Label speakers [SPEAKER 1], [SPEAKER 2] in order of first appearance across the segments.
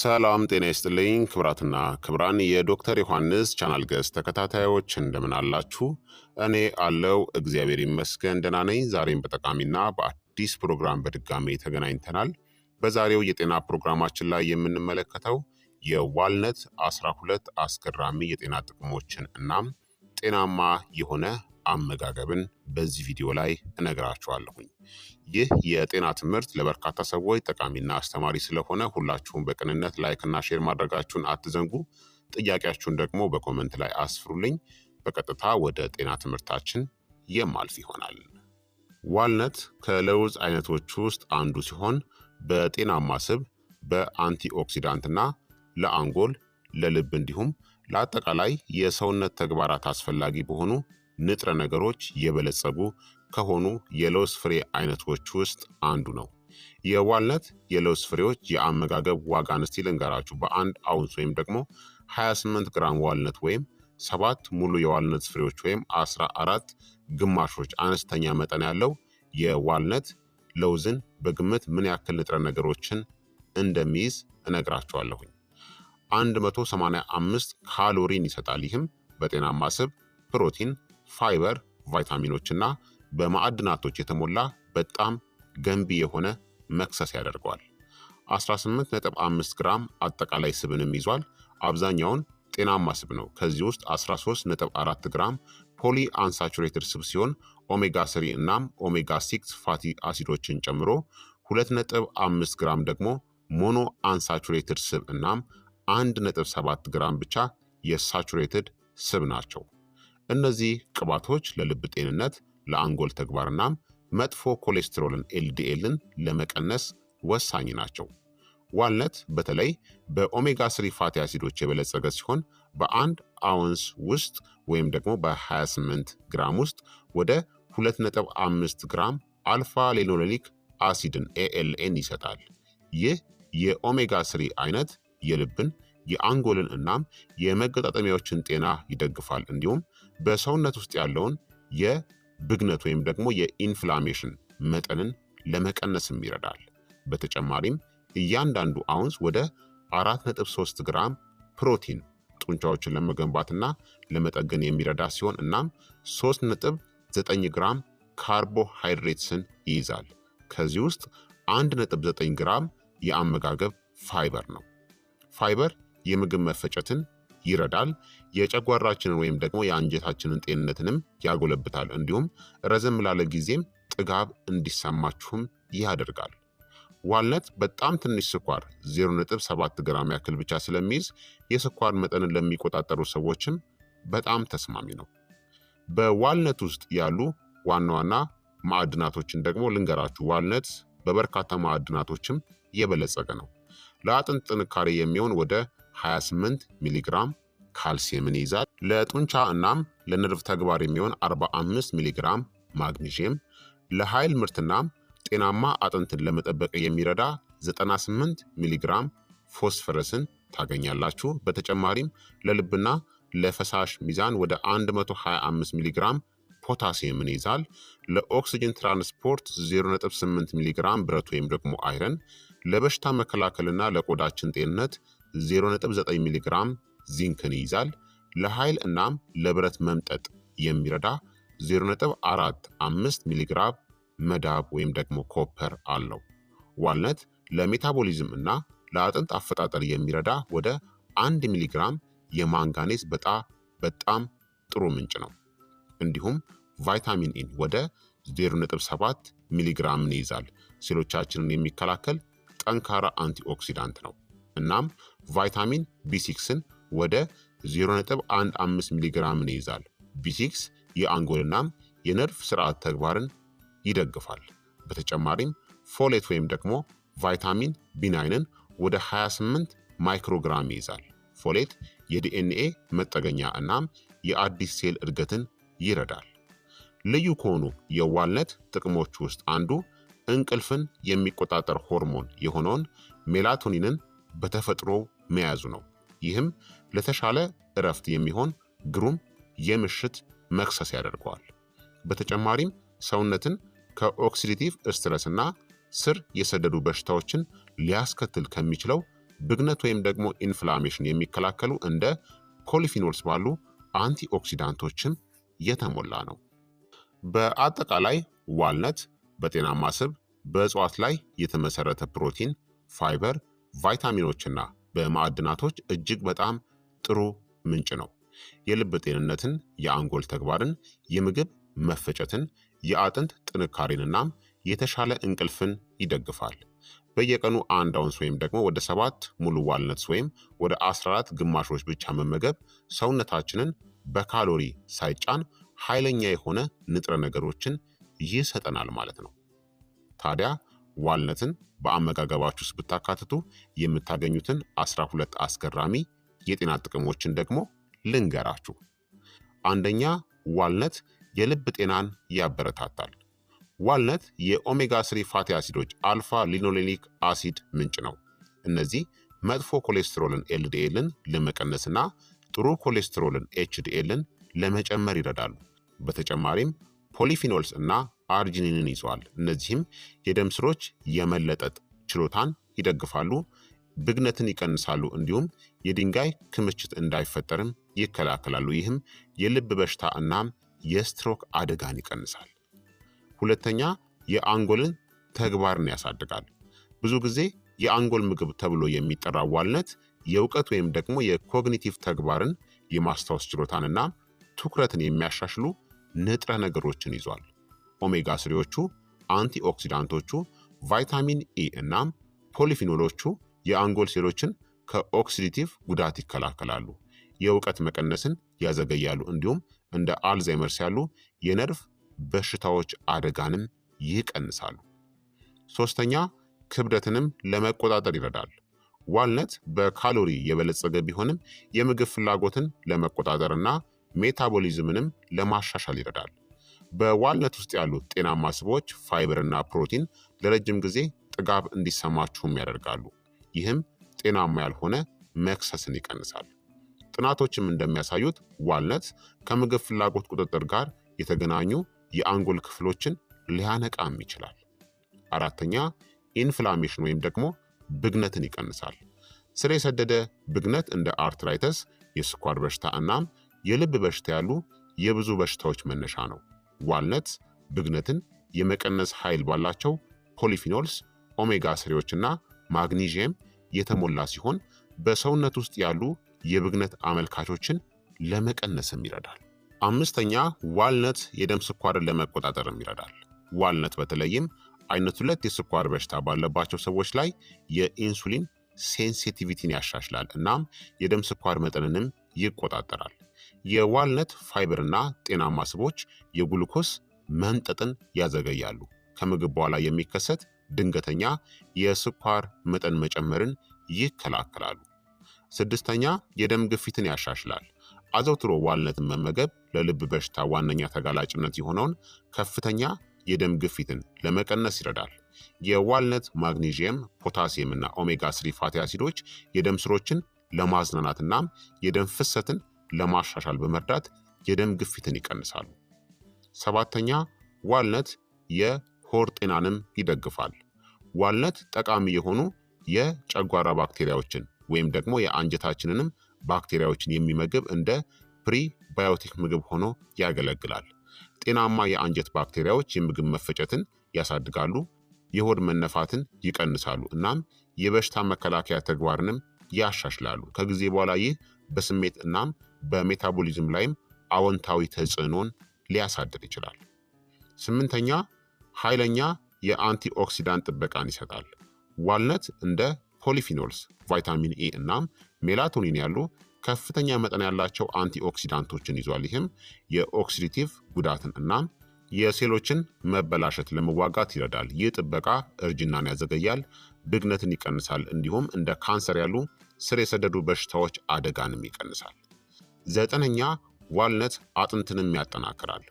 [SPEAKER 1] ሰላም ጤና ይስጥልኝ ክብራትና ክብራን የዶክተር ዮሐንስ ቻናል ገስ ተከታታዮች እንደምን አላችሁ? እኔ አለው እግዚአብሔር ይመስገን ደህና ነኝ። ዛሬም በጠቃሚና በአዲስ ፕሮግራም በድጋሜ ተገናኝተናል። በዛሬው የጤና ፕሮግራማችን ላይ የምንመለከተው የዋልነት አስራ ሁለት አስገራሚ የጤና ጥቅሞችን እናም ጤናማ የሆነ አመጋገብን በዚህ ቪዲዮ ላይ እነግራችኋለሁኝ። ይህ የጤና ትምህርት ለበርካታ ሰዎች ጠቃሚና አስተማሪ ስለሆነ ሁላችሁም በቅንነት ላይክና ሼር ማድረጋችሁን አትዘንጉ። ጥያቄያችሁን ደግሞ በኮመንት ላይ አስፍሩልኝ። በቀጥታ ወደ ጤና ትምህርታችን የማልፍ ይሆናል። ዋልነት ከለውዝ አይነቶች ውስጥ አንዱ ሲሆን በጤናማ ስብ በአንቲኦክሲዳንትና ለአንጎል፣ ለልብ እንዲሁም ለአጠቃላይ የሰውነት ተግባራት አስፈላጊ በሆኑ ንጥረ ነገሮች የበለጸጉ ከሆኑ የለውዝ ፍሬ አይነቶች ውስጥ አንዱ ነው። የዋልነት የለውዝ ፍሬዎች የአመጋገብ ዋጋ አንስቲ ልንገራችሁ። በአንድ አውንስ ወይም ደግሞ 28 ግራም ዋልነት ወይም ሰባት ሙሉ የዋልነት ፍሬዎች ወይም 14 ግማሾች አነስተኛ መጠን ያለው የዋልነት ለውዝን በግምት ምን ያክል ንጥረ ነገሮችን እንደሚይዝ እነግራችኋለሁኝ። 185 ካሎሪን ይሰጣል። ይህም በጤናማ ስብ፣ ፕሮቲን፣ ፋይበር፣ ቫይታሚኖች እና በማዕድናቶች የተሞላ በጣም ገንቢ የሆነ መክሰስ ያደርገዋል። 18.5 ግራም አጠቃላይ ስብንም ይዟል። አብዛኛውን ጤናማ ስብ ነው። ከዚህ ውስጥ 13.4 ግራም ፖሊ አንሳቹሬትድ ስብ ሲሆን ኦሜጋ 3 እናም ኦሜጋ 6 ፋቲ አሲዶችን ጨምሮ 2.5 ግራም ደግሞ ሞኖ አንሳቹሬትድ ስብ እናም 1.7 ግራም ብቻ የሳቹሬትድ ስብ ናቸው። እነዚህ ቅባቶች ለልብ ጤንነት፣ ለአንጎል ተግባርና መጥፎ ኮሌስትሮልን ኤልዲኤልን ለመቀነስ ወሳኝ ናቸው። ዋልነት በተለይ በኦሜጋ ስሪ ፋቲ አሲዶች የበለጸገ ሲሆን በአንድ አውንስ ውስጥ ወይም ደግሞ በ28 ግራም ውስጥ ወደ 2.5 ግራም አልፋ ሌኖሌኒክ አሲድን ኤኤልኤን ይሰጣል። ይህ የኦሜጋ ስሪ አይነት የልብን የአንጎልን እናም የመገጣጠሚያዎችን ጤና ይደግፋል እንዲሁም በሰውነት ውስጥ ያለውን የብግነት ወይም ደግሞ የኢንፍላሜሽን መጠንን ለመቀነስም ይረዳል። በተጨማሪም እያንዳንዱ አውንስ ወደ 4.3 ግራም ፕሮቲን ጡንቻዎችን ለመገንባትና ለመጠገን የሚረዳ ሲሆን እናም 3.9 ግራም ካርቦሃይድሬትስን ይይዛል። ከዚህ ውስጥ 1.9 ግራም የአመጋገብ ፋይበር ነው። ፋይበር የምግብ መፈጨትን ይረዳል። የጨጓራችንን ወይም ደግሞ የአንጀታችንን ጤንነትንም ያጎለብታል። እንዲሁም ረዘም ላለ ጊዜም ጥጋብ እንዲሰማችሁም ያደርጋል። ዋልነት በጣም ትንሽ ስኳር 0.7 ግራም ያክል ብቻ ስለሚይዝ የስኳር መጠንን ለሚቆጣጠሩ ሰዎችም በጣም ተስማሚ ነው። በዋልነት ውስጥ ያሉ ዋና ዋና ማዕድናቶችን ደግሞ ልንገራችሁ። ዋልነት በበርካታ ማዕድናቶችም የበለጸገ ነው። ለአጥንት ጥንካሬ የሚሆን ወደ 28 ሚሊግራም ካልሲየምን ይይዛል። ለጡንቻ እናም ለነርቭ ተግባር የሚሆን 45 ሚሊግራም ማግኒዥየም፣ ለኃይል ምርትናም ጤናማ አጥንትን ለመጠበቅ የሚረዳ 98 ሚሊግራም ፎስፈረስን ታገኛላችሁ። በተጨማሪም ለልብና ለፈሳሽ ሚዛን ወደ 125 ሚሊግራም ፖታሲየምን ይይዛል። ለኦክስጅን ትራንስፖርት 0.8 ሚሊግራም ብረት ወይም ደግሞ አይረን፣ ለበሽታ መከላከልና ለቆዳችን ጤንነት 0.9 ሚሊግራም ዚንክን ይይዛል። ለኃይል እናም ለብረት መምጠጥ የሚረዳ 0.45 ሚሊግራም መዳብ ወይም ደግሞ ኮፐር አለው። ዋልነት ለሜታቦሊዝም እና ለአጥንት አፈጣጠር የሚረዳ ወደ 1 ሚሊግራም የማንጋኔዝ በጣ በጣም ጥሩ ምንጭ ነው። እንዲሁም ቫይታሚን ኢን ወደ 0.7 ሚሊግራምን ይይዛል። ሴሎቻችንን የሚከላከል ጠንካራ አንቲኦክሲዳንት ነው። እናም ቫይታሚን ቢሲክስን ወደ 0.15 ሚሊግራምን ይይዛል ቢሲክስ ቢ6 የአንጎልናም የነርቭ ስርዓት ተግባርን ይደግፋል። በተጨማሪም ፎሌት ወይም ደግሞ ቫይታሚን ቢናይንን ወደ 28 ማይክሮግራም ይይዛል። ፎሌት የዲኤንኤ መጠገኛ እናም የአዲስ ሴል እድገትን ይረዳል። ልዩ ከሆኑ የዋልነት ጥቅሞች ውስጥ አንዱ እንቅልፍን የሚቆጣጠር ሆርሞን የሆነውን ሜላቶኒንን በተፈጥሮው መያዙ ነው። ይህም ለተሻለ እረፍት የሚሆን ግሩም የምሽት መክሰስ ያደርገዋል። በተጨማሪም ሰውነትን ከኦክሲዲቲቭ ስትረስና ስር የሰደዱ በሽታዎችን ሊያስከትል ከሚችለው ብግነት ወይም ደግሞ ኢንፍላሜሽን የሚከላከሉ እንደ ኮሊፊኖልስ ባሉ አንቲኦክሲዳንቶችም የተሞላ ነው። በአጠቃላይ ዋልነት በጤናማ ስብ፣ በእጽዋት ላይ የተመሰረተ ፕሮቲን፣ ፋይበር፣ ቫይታሚኖችና በማዕድናቶች እጅግ በጣም ጥሩ ምንጭ ነው። የልብ ጤንነትን፣ የአንጎል ተግባርን፣ የምግብ መፈጨትን፣ የአጥንት ጥንካሬን የተሻለ እንቅልፍን ይደግፋል። በየቀኑ አንድ አውንስ ወይም ደግሞ ወደ ሰባት ሙሉ ዋልነትስ ወይም ወደ 14 ግማሾች ብቻ መመገብ ሰውነታችንን በካሎሪ ሳይጫን ኃይለኛ የሆነ ንጥረ ነገሮችን ይሰጠናል ማለት ነው። ታዲያ ዋልነትን በአመጋገባችሁ ውስጥ ብታካትቱ የምታገኙትን አስራ ሁለት አስገራሚ የጤና ጥቅሞችን ደግሞ ልንገራችሁ። አንደኛ ዋልነት የልብ ጤናን ያበረታታል። ዋልነት የኦሜጋ ስሪ ፋቲ አሲዶች አልፋ ሊኖሌኒክ አሲድ ምንጭ ነው። እነዚህ መጥፎ ኮሌስትሮልን ኤልዲኤልን ለመቀነስና ጥሩ ኮሌስትሮልን ኤችዲኤልን ለመጨመር ይረዳሉ። በተጨማሪም ፖሊፊኖልስ እና አርጂኒንን ይዘዋል። እነዚህም የደም ስሮች የመለጠጥ ችሎታን ይደግፋሉ፣ ብግነትን ይቀንሳሉ፣ እንዲሁም የድንጋይ ክምችት እንዳይፈጠርም ይከላከላሉ። ይህም የልብ በሽታ እናም የስትሮክ አደጋን ይቀንሳል። ሁለተኛ የአንጎልን ተግባርን ያሳድጋል። ብዙ ጊዜ የአንጎል ምግብ ተብሎ የሚጠራ ዋልነት የእውቀት ወይም ደግሞ የኮግኒቲቭ ተግባርን የማስታወስ ችሎታንና ትኩረትን የሚያሻሽሉ ንጥረ ነገሮችን ይዟል። ኦሜጋ ስሪዎቹ፣ አንቲ ኦክሲዳንቶቹ፣ ቫይታሚን ኢ እና ፖሊፊኖሎቹ የአንጎል ሴሎችን ከኦክሲዲቲቭ ጉዳት ይከላከላሉ፣ የእውቀት መቀነስን ያዘገያሉ፣ እንዲሁም እንደ አልዛይመርስ ያሉ የነርቭ በሽታዎች አደጋንም ይቀንሳሉ። ሶስተኛ ክብደትንም ለመቆጣጠር ይረዳል። ዋልነት በካሎሪ የበለጸገ ቢሆንም የምግብ ፍላጎትን ለመቆጣጠርና ሜታቦሊዝምንም ለማሻሻል ይረዳል። በዋልነት ውስጥ ያሉት ጤናማ ስቦች ፋይበርና ፕሮቲን ለረጅም ጊዜ ጥጋብ እንዲሰማችሁም ያደርጋሉ። ይህም ጤናማ ያልሆነ መክሰስን ይቀንሳል። ጥናቶችም እንደሚያሳዩት ዋልነት ከምግብ ፍላጎት ቁጥጥር ጋር የተገናኙ የአንጎል ክፍሎችን ሊያነቃም ይችላል። አራተኛ ኢንፍላሜሽን ወይም ደግሞ ብግነትን ይቀንሳል። ስር የሰደደ ብግነት እንደ አርትራይተስ፣ የስኳር በሽታ እናም የልብ በሽታ ያሉ የብዙ በሽታዎች መነሻ ነው። ዋልነት ብግነትን የመቀነስ ኃይል ባላቸው ፖሊፊኖልስ፣ ኦሜጋ ስሪዎችና ማግኒዥየም የተሞላ ሲሆን በሰውነት ውስጥ ያሉ የብግነት አመልካቾችን ለመቀነስም ይረዳል። አምስተኛ ዋልነት የደም ስኳርን ለመቆጣጠርም ይረዳል። ዋልነት በተለይም አይነት ሁለት የስኳር በሽታ ባለባቸው ሰዎች ላይ የኢንሱሊን ሴንሲቲቪቲን ያሻሽላል እናም የደም ስኳር መጠንንም ይቆጣጠራል። የዋልነት ፋይበርና ጤናማ ስቦች የጉልኮስ መንጠጥን ያዘገያሉ። ከምግብ በኋላ የሚከሰት ድንገተኛ የስኳር መጠን መጨመርን ይከላከላሉ። ስድስተኛ የደም ግፊትን ያሻሽላል። አዘውትሮ ዋልነትን መመገብ ለልብ በሽታ ዋነኛ ተጋላጭነት የሆነውን ከፍተኛ የደም ግፊትን ለመቀነስ ይረዳል። የዋልነት ማግኔዥየም፣ ፖታሲየም ኦሜጋ ስሪ ፋቲ አሲዶች የደም ስሮችን ለማዝናናትናም የደም ፍሰትን ለማሻሻል በመርዳት የደም ግፊትን ይቀንሳሉ። ሰባተኛ ዋልነት የሆድ ጤናንም ይደግፋል። ዋልነት ጠቃሚ የሆኑ የጨጓራ ባክቴሪያዎችን ወይም ደግሞ የአንጀታችንንም ባክቴሪያዎችን የሚመግብ እንደ ፕሪባዮቲክ ምግብ ሆኖ ያገለግላል። ጤናማ የአንጀት ባክቴሪያዎች የምግብ መፈጨትን ያሳድጋሉ፣ የሆድ መነፋትን ይቀንሳሉ፣ እናም የበሽታ መከላከያ ተግባርንም ያሻሽላሉ። ከጊዜ በኋላ ይህ በስሜት እናም በሜታቦሊዝም ላይም አዎንታዊ ተጽዕኖን ሊያሳድር ይችላል። ስምንተኛ ኃይለኛ የአንቲኦክሲዳንት ጥበቃን ይሰጣል። ዋልነት እንደ ፖሊፊኖልስ፣ ቫይታሚን ኤ እናም ሜላቶኒን ያሉ ከፍተኛ መጠን ያላቸው አንቲኦክሲዳንቶችን ይዟል። ይህም የኦክሲዲቲቭ ጉዳትን እናም የሴሎችን መበላሸት ለመዋጋት ይረዳል። ይህ ጥበቃ እርጅናን ያዘገያል፣ ብግነትን ይቀንሳል፣ እንዲሁም እንደ ካንሰር ያሉ ስር የሰደዱ በሽታዎች አደጋንም ይቀንሳል። ዘጠነኛ ዋልነት አጥንትንም ያጠናክራል።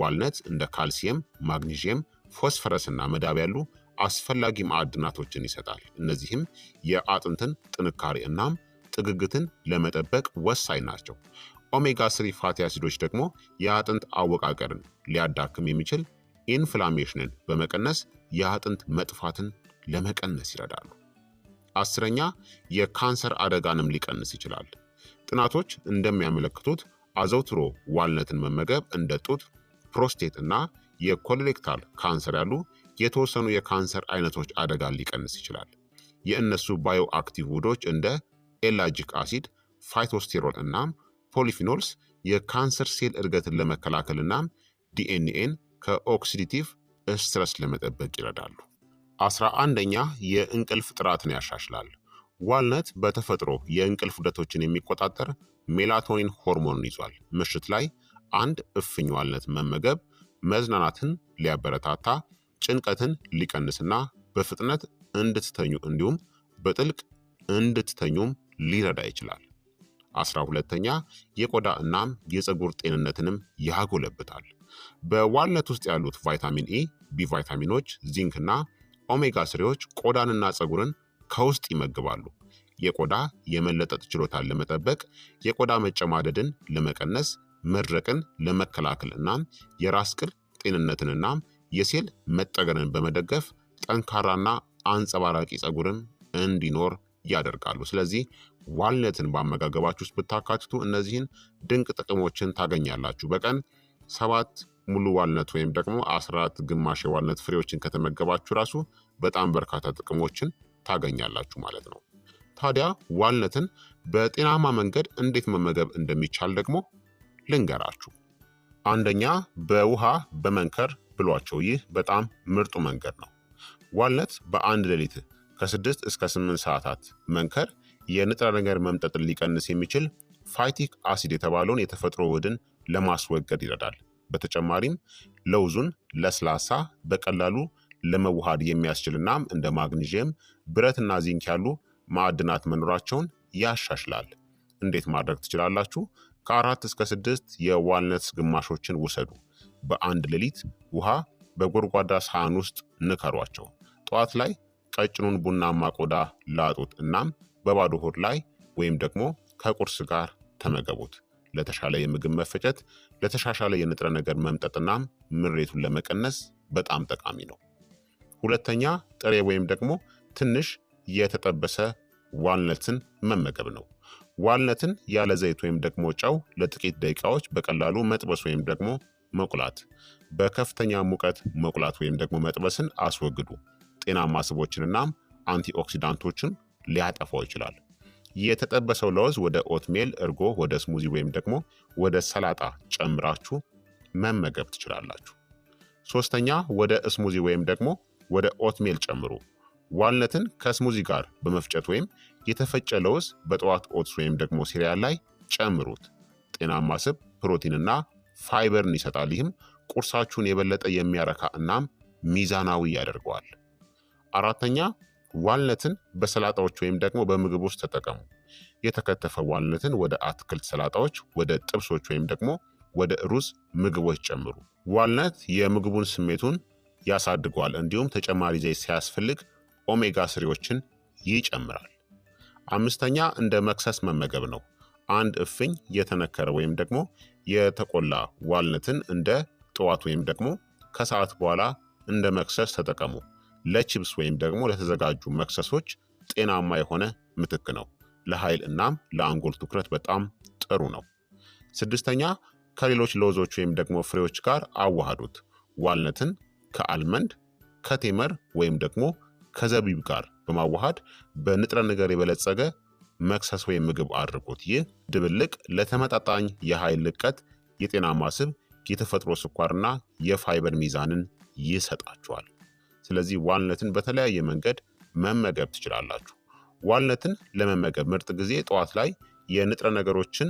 [SPEAKER 1] ዋልነት እንደ ካልሲየም፣ ማግኒዥየም፣ ፎስፈረስና መዳብ ያሉ አስፈላጊ ማዕድናቶችን ይሰጣል። እነዚህም የአጥንትን ጥንካሬ እናም ጥግግትን ለመጠበቅ ወሳኝ ናቸው። ኦሜጋ ስሪ ፋቲ አሲዶች ደግሞ የአጥንት አወቃቀርን ሊያዳክም የሚችል ኢንፍላሜሽንን በመቀነስ የአጥንት መጥፋትን ለመቀነስ ይረዳሉ። አስረኛ የካንሰር አደጋንም ሊቀንስ ይችላል። ጥናቶች እንደሚያመለክቱት አዘውትሮ ዋልነትን መመገብ እንደ ጡት፣ ፕሮስቴት እና የኮሌሌክታል ካንሰር ያሉ የተወሰኑ የካንሰር አይነቶች አደጋን ሊቀንስ ይችላል። የእነሱ ባዮአክቲቭ አክቲቭ ውዶች እንደ ኤላጂክ አሲድ፣ ፋይቶስቴሮል እናም ፖሊፊኖልስ የካንሰር ሴል እድገትን ለመከላከልና ዲኤንኤን ከኦክሲዲቲቭ ስትረስ ለመጠበቅ ይረዳሉ። አስራ አንደኛ የእንቅልፍ ጥራትን ያሻሽላል። ዋልነት በተፈጥሮ የእንቅልፍ ውደቶችን የሚቆጣጠር ሜላቶኒን ሆርሞንን ይዟል። ምሽት ላይ አንድ እፍኝ ዋልነት መመገብ መዝናናትን ሊያበረታታ፣ ጭንቀትን ሊቀንስና በፍጥነት እንድትተኙ እንዲሁም በጥልቅ እንድትተኙም ሊረዳ ይችላል። አስራ ሁለተኛ የቆዳ እናም የፀጉር ጤንነትንም ያጎለብታል። በዋልነት ውስጥ ያሉት ቫይታሚን ኢ፣ ቢ ቫይታሚኖች፣ ዚንክ እና ኦሜጋ ስሬዎች ቆዳንና ፀጉርን ከውስጥ ይመግባሉ። የቆዳ የመለጠጥ ችሎታን ለመጠበቅ፣ የቆዳ መጨማደድን ለመቀነስ፣ መድረቅን ለመከላከል እናም የራስ ቅል ጤንነትንና የሴል መጠገንን በመደገፍ ጠንካራና አንጸባራቂ ፀጉርን እንዲኖር ያደርጋሉ። ስለዚህ ዋልነትን በአመጋገባችሁ ውስጥ ብታካትቱ እነዚህን ድንቅ ጥቅሞችን ታገኛላችሁ። በቀን ሰባት ሙሉ ዋልነት ወይም ደግሞ አስራት ግማሽ የዋልነት ፍሬዎችን ከተመገባችሁ ራሱ በጣም በርካታ ጥቅሞችን ታገኛላችሁ ማለት ነው። ታዲያ ዋልነትን በጤናማ መንገድ እንዴት መመገብ እንደሚቻል ደግሞ ልንገራችሁ። አንደኛ በውሃ በመንከር ብሏቸው። ይህ በጣም ምርጡ መንገድ ነው። ዋልነት በአንድ ሌሊት ከስድስት እስከ ስምንት ሰዓታት መንከር የንጥረ ነገር መምጠጥን ሊቀንስ የሚችል ፋይቲክ አሲድ የተባለውን የተፈጥሮ ውህድን ለማስወገድ ይረዳል። በተጨማሪም ለውዙን ለስላሳ በቀላሉ ለመዋሃድ የሚያስችል የሚያስችልናም እንደ ማግኒዥየም ብረትና ዚንክ ያሉ ማዕድናት መኖራቸውን ያሻሽላል። እንዴት ማድረግ ትችላላችሁ? ከአራት እስከ ስድስት የዋልነትስ ግማሾችን ውሰዱ። በአንድ ሌሊት ውሃ በጎድጓዳ ሳህን ውስጥ ንከሯቸው። ጠዋት ላይ ቀጭኑን ቡናማ ቆዳ ላጡት። እናም በባዶ ሆድ ላይ ወይም ደግሞ ከቁርስ ጋር ተመገቡት። ለተሻለ የምግብ መፈጨት፣ ለተሻሻለ የንጥረ ነገር መምጠጥናም ምሬቱን ለመቀነስ በጣም ጠቃሚ ነው። ሁለተኛ ጥሬ ወይም ደግሞ ትንሽ የተጠበሰ ዋልነትን መመገብ ነው። ዋልነትን ያለ ዘይት ወይም ደግሞ ጨው ለጥቂት ደቂቃዎች በቀላሉ መጥበስ ወይም ደግሞ መቁላት። በከፍተኛ ሙቀት መቁላት ወይም ደግሞ መጥበስን አስወግዱ። ጤናማ ስቦችንና አንቲኦክሲዳንቶችን ሊያጠፋው ይችላል። የተጠበሰው ለውዝ ወደ ኦትሜል፣ እርጎ፣ ወደ ስሙዚ ወይም ደግሞ ወደ ሰላጣ ጨምራችሁ መመገብ ትችላላችሁ። ሶስተኛ ወደ ስሙዚ ወይም ደግሞ ወደ ኦትሜል ጨምሩ። ዋልነትን ከስሙዚ ጋር በመፍጨት ወይም የተፈጨ ለውዝ በጠዋት ኦትስ ወይም ደግሞ ሲሪያል ላይ ጨምሩት። ጤናማ ስብ ፕሮቲንና ፋይበርን ይሰጣል። ይህም ቁርሳችሁን የበለጠ የሚያረካ እናም ሚዛናዊ ያደርገዋል። አራተኛ ዋልነትን በሰላጣዎች ወይም ደግሞ በምግብ ውስጥ ተጠቀሙ። የተከተፈ ዋልነትን ወደ አትክልት ሰላጣዎች፣ ወደ ጥብሶች ወይም ደግሞ ወደ ሩዝ ምግቦች ጨምሩ። ዋልነት የምግቡን ስሜቱን ያሳድገዋል። እንዲሁም ተጨማሪ ዘይት ሲያስፈልግ ኦሜጋ ስሪዎችን ይጨምራል። አምስተኛ እንደ መክሰስ መመገብ ነው። አንድ እፍኝ የተነከረ ወይም ደግሞ የተቆላ ዋልነትን እንደ ጠዋት ወይም ደግሞ ከሰዓት በኋላ እንደ መክሰስ ተጠቀሙ። ለቺፕስ ወይም ደግሞ ለተዘጋጁ መክሰሶች ጤናማ የሆነ ምትክ ነው። ለኃይል እናም ለአንጎል ትኩረት በጣም ጥሩ ነው። ስድስተኛ ከሌሎች ለውዞች ወይም ደግሞ ፍሬዎች ጋር አዋሃዱት። ዋልነትን ከአልመንድ ከቴመር ወይም ደግሞ ከዘቢብ ጋር በማዋሃድ በንጥረ ነገር የበለጸገ መክሰስ ወይም ምግብ አድርጉት። ይህ ድብልቅ ለተመጣጣኝ የኃይል ልቀት፣ የጤናማ ስብ፣ የተፈጥሮ ስኳርና የፋይበር ሚዛንን ይሰጣችኋል። ስለዚህ ዋልነትን በተለያየ መንገድ መመገብ ትችላላችሁ። ዋልነትን ለመመገብ ምርጥ ጊዜ ጠዋት ላይ የንጥረ ነገሮችን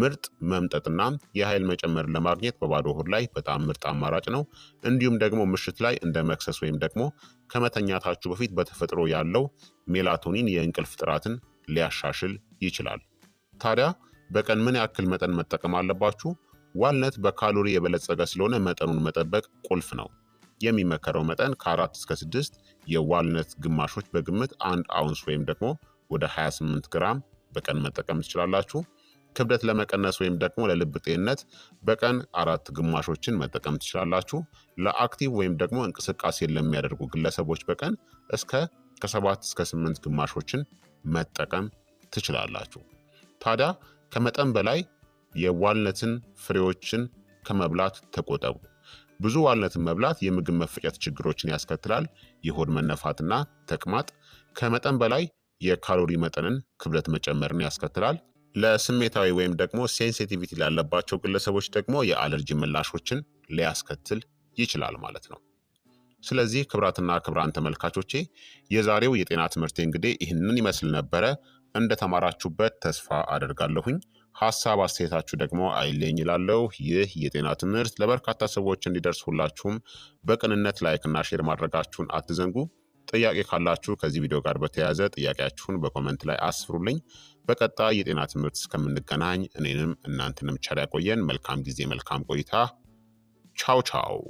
[SPEAKER 1] ምርጥ መምጠጥና የኃይል መጨመርን ለማግኘት በባዶ ሆድ ላይ በጣም ምርጥ አማራጭ ነው። እንዲሁም ደግሞ ምሽት ላይ እንደ መክሰስ ወይም ደግሞ ከመተኛታችሁ በፊት በተፈጥሮ ያለው ሜላቶኒን የእንቅልፍ ጥራትን ሊያሻሽል ይችላል። ታዲያ በቀን ምን ያክል መጠን መጠቀም አለባችሁ? ዋልነት በካሎሪ የበለጸገ ስለሆነ መጠኑን መጠበቅ ቁልፍ ነው። የሚመከረው መጠን ከአራት እስከ ስድስት የዋልነት ግማሾች በግምት አንድ አውንስ ወይም ደግሞ ወደ 28 ግራም በቀን መጠቀም ትችላላችሁ። ክብደት ለመቀነስ ወይም ደግሞ ለልብ ጤንነት በቀን አራት ግማሾችን መጠቀም ትችላላችሁ። ለአክቲቭ ወይም ደግሞ እንቅስቃሴን ለሚያደርጉ ግለሰቦች በቀን እስከ ከሰባት እስከ ስምንት ግማሾችን መጠቀም ትችላላችሁ። ታዲያ ከመጠን በላይ የዋልነትን ፍሬዎችን ከመብላት ተቆጠቡ። ብዙ ዋልነትን መብላት የምግብ መፈጨት ችግሮችን ያስከትላል። የሆድ መነፋትና ተቅማጥ፣ ከመጠን በላይ የካሎሪ መጠንን ክብደት መጨመርን ያስከትላል። ለስሜታዊ ወይም ደግሞ ሴንሲቲቪቲ ላለባቸው ግለሰቦች ደግሞ የአለርጂ ምላሾችን ሊያስከትል ይችላል ማለት ነው። ስለዚህ ክብራትና ክብራን ተመልካቾቼ የዛሬው የጤና ትምህርቴ እንግዲህ ይህንን ይመስል ነበረ። እንደተማራችሁበት ተስፋ አደርጋለሁኝ። ሀሳብ አስተያየታችሁ ደግሞ አይለኝ ይላለው። ይህ የጤና ትምህርት ለበርካታ ሰዎች እንዲደርስ ሁላችሁም በቅንነት ላይክና ሼር ማድረጋችሁን አትዘንጉ። ጥያቄ ካላችሁ ከዚህ ቪዲዮ ጋር በተያያዘ ጥያቄያችሁን በኮመንት ላይ አስፍሩልኝ። በቀጣይ የጤና ትምህርት እስከምንገናኝ እኔንም እናንተንም ቸር ያቆየን። መልካም ጊዜ፣ መልካም ቆይታ። ቻው ቻው